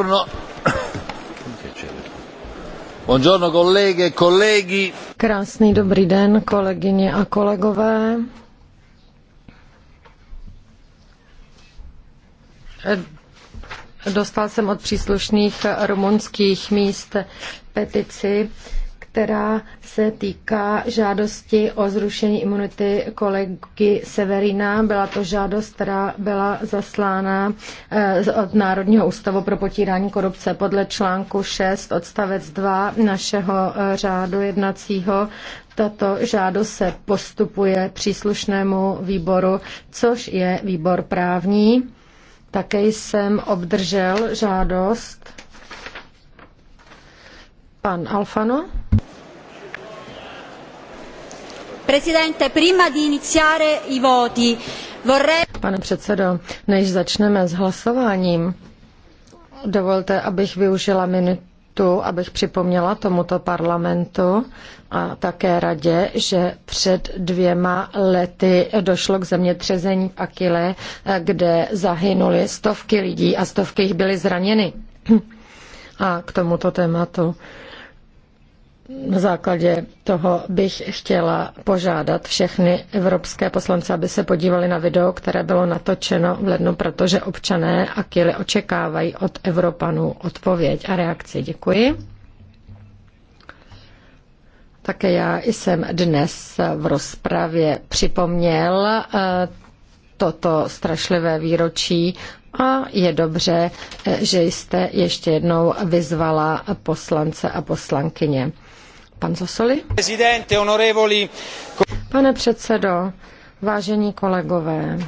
aprono. Buongiorno colleghe e colleghi. Krásný dobrý den, kolegyně a kolegové. Dostal jsem od příslušných rumunských míst petici která se týká žádosti o zrušení imunity kolegy Severina. Byla to žádost, která byla zaslána eh, od Národního ústavu pro potírání korupce podle článku 6 odstavec 2 našeho eh, řádu jednacího tato žádost se postupuje příslušnému výboru, což je výbor právní. Také jsem obdržel žádost. Pan Alfano? Pane předsedo, než začneme s hlasováním, dovolte, abych využila minutu abych připomněla tomuto parlamentu a také radě, že před dvěma lety došlo k zemětřesení v Akile, kde zahynuly stovky lidí a stovky jich byly zraněny. A k tomuto tématu na základě toho bych chtěla požádat všechny evropské poslance, aby se podívali na video, které bylo natočeno v lednu, protože občané a kily očekávají od Evropanů odpověď a reakci. Děkuji. Také já jsem dnes v rozpravě připomněl eh, toto strašlivé výročí a je dobře, eh, že jste ještě jednou vyzvala poslance a poslankyně. Pan Zosoli? Pane předsedo, vážení kolegové,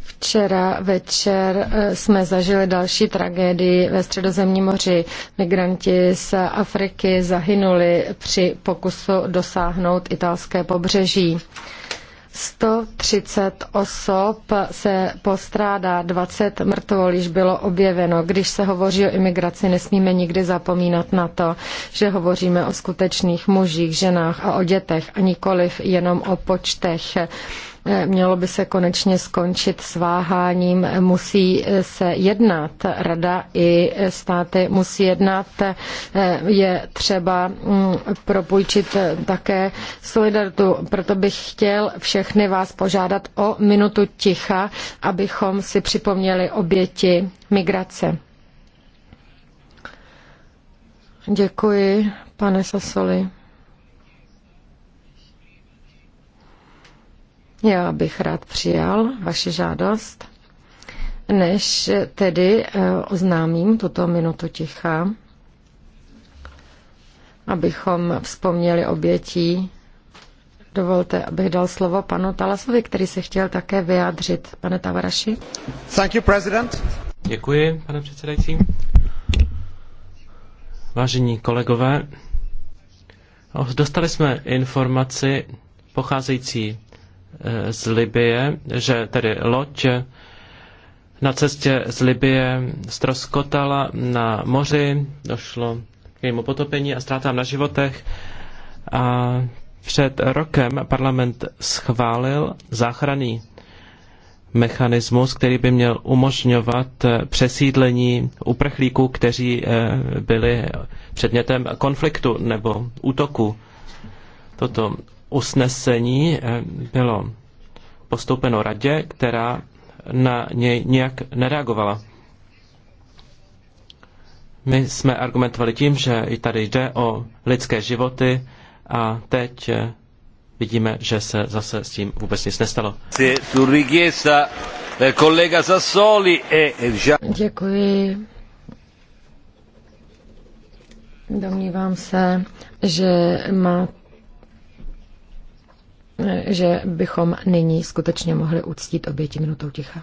Včera večer eh, jsme zažili další tragédii ve Středozemním moři. Migranti z Afriky zahynuli při pokusu dosáhnout italské pobřeží. 130 osob se postrádá, 20 mrtvol již bylo objeveno. Když se hovoří o imigraci, nesmíme nikdy zapomínat na to, že hovoříme o skutečných mužích, ženách a o dětech a nikoliv jenom o počtech Mělo by se konečně skončit s váháním. Musí se jednat. Rada i státy musí jednat. Je třeba mm, propůjčit také solidaritu. Proto bych chtěl všechny vás požádat o minutu ticha, abychom si připomněli oběti migrace. Děkuji, pane Sasoli. Já bych rád přijal vaši žádost. Než tedy eh, oznámím tuto minutu ticha, abychom vzpomněli obětí, dovolte, abych dal slovo panu Talasovi, který se chtěl také vyjádřit. Pane Tavaraši. Thank you, president. Děkuji, pane předsedající. Vážení kolegové, dostali jsme informaci pocházející z Libie, že tedy loď na cestě z Libie stroskotala na moři, došlo k jejímu potopení a ztrátám na životech. A před rokem parlament schválil záchranný mechanismus, který by měl umožňovat přesídlení uprchlíků, kteří eh, byli předmětem konfliktu nebo útoku. Toto usnesení eh, bylo postoupeno radě, která na něj nějak nereagovala. My jsme argumentovali tím, že i tady jde o lidské životy a teď eh, vidíme, že se zase s tím vůbec nic nestalo. E Děkuji. Domnívám se, že máte že bychom nyní skutečně mohli uctít oběti minutou ticha.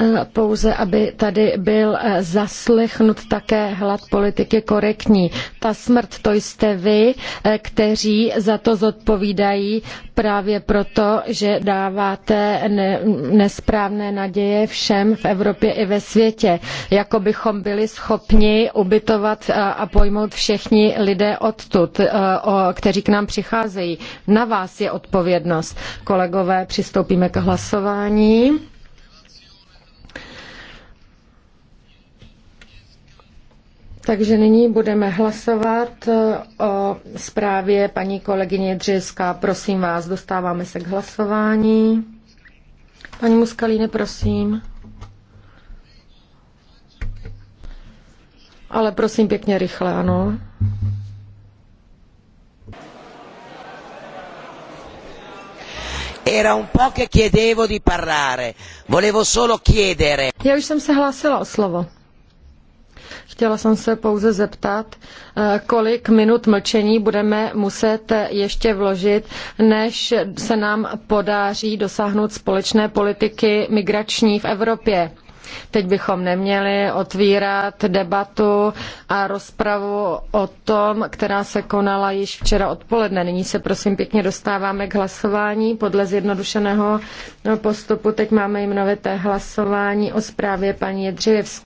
Eh, pouze, aby tady byl eh, zaslechnut také hlad politiky korektní. Ta smrt, to jste vy, eh, kteří za to zodpovídají právě proto, že dáváte ne, nesprávné naděje všem v Evropě i ve světě. Jako bychom byli schopni ubytovat a pojmout všichni lidé odtud, kteří k nám přicházejí. Na vás je odpovědnost. Kolegové, přistoupíme k hlasování. Takže nyní budeme hlasovat e, o zprávě paní kolegyně Dřeska. Prosím vás, dostáváme se k hlasování. Paní Muskalíne, prosím. Ale prosím pěkně rychle, ano. Era un po' che chiedevo di parlare. Volevo solo chiedere. Já už jsem se hlásila o slovo. Chtěla jsem se pouze zeptat, eh, kolik minut mlčení budeme muset ještě vložit, než se nám podaří dosáhnout společné politiky migrační v Evropě. Teď bychom neměli otvírat debatu a rozpravu o tom, která se konala již včera odpoledne. Nyní se prosím pěkně dostáváme k hlasování podle zjednodušeného postupu. Teď máme jmenovité hlasování o zprávě paní Jedřijevské.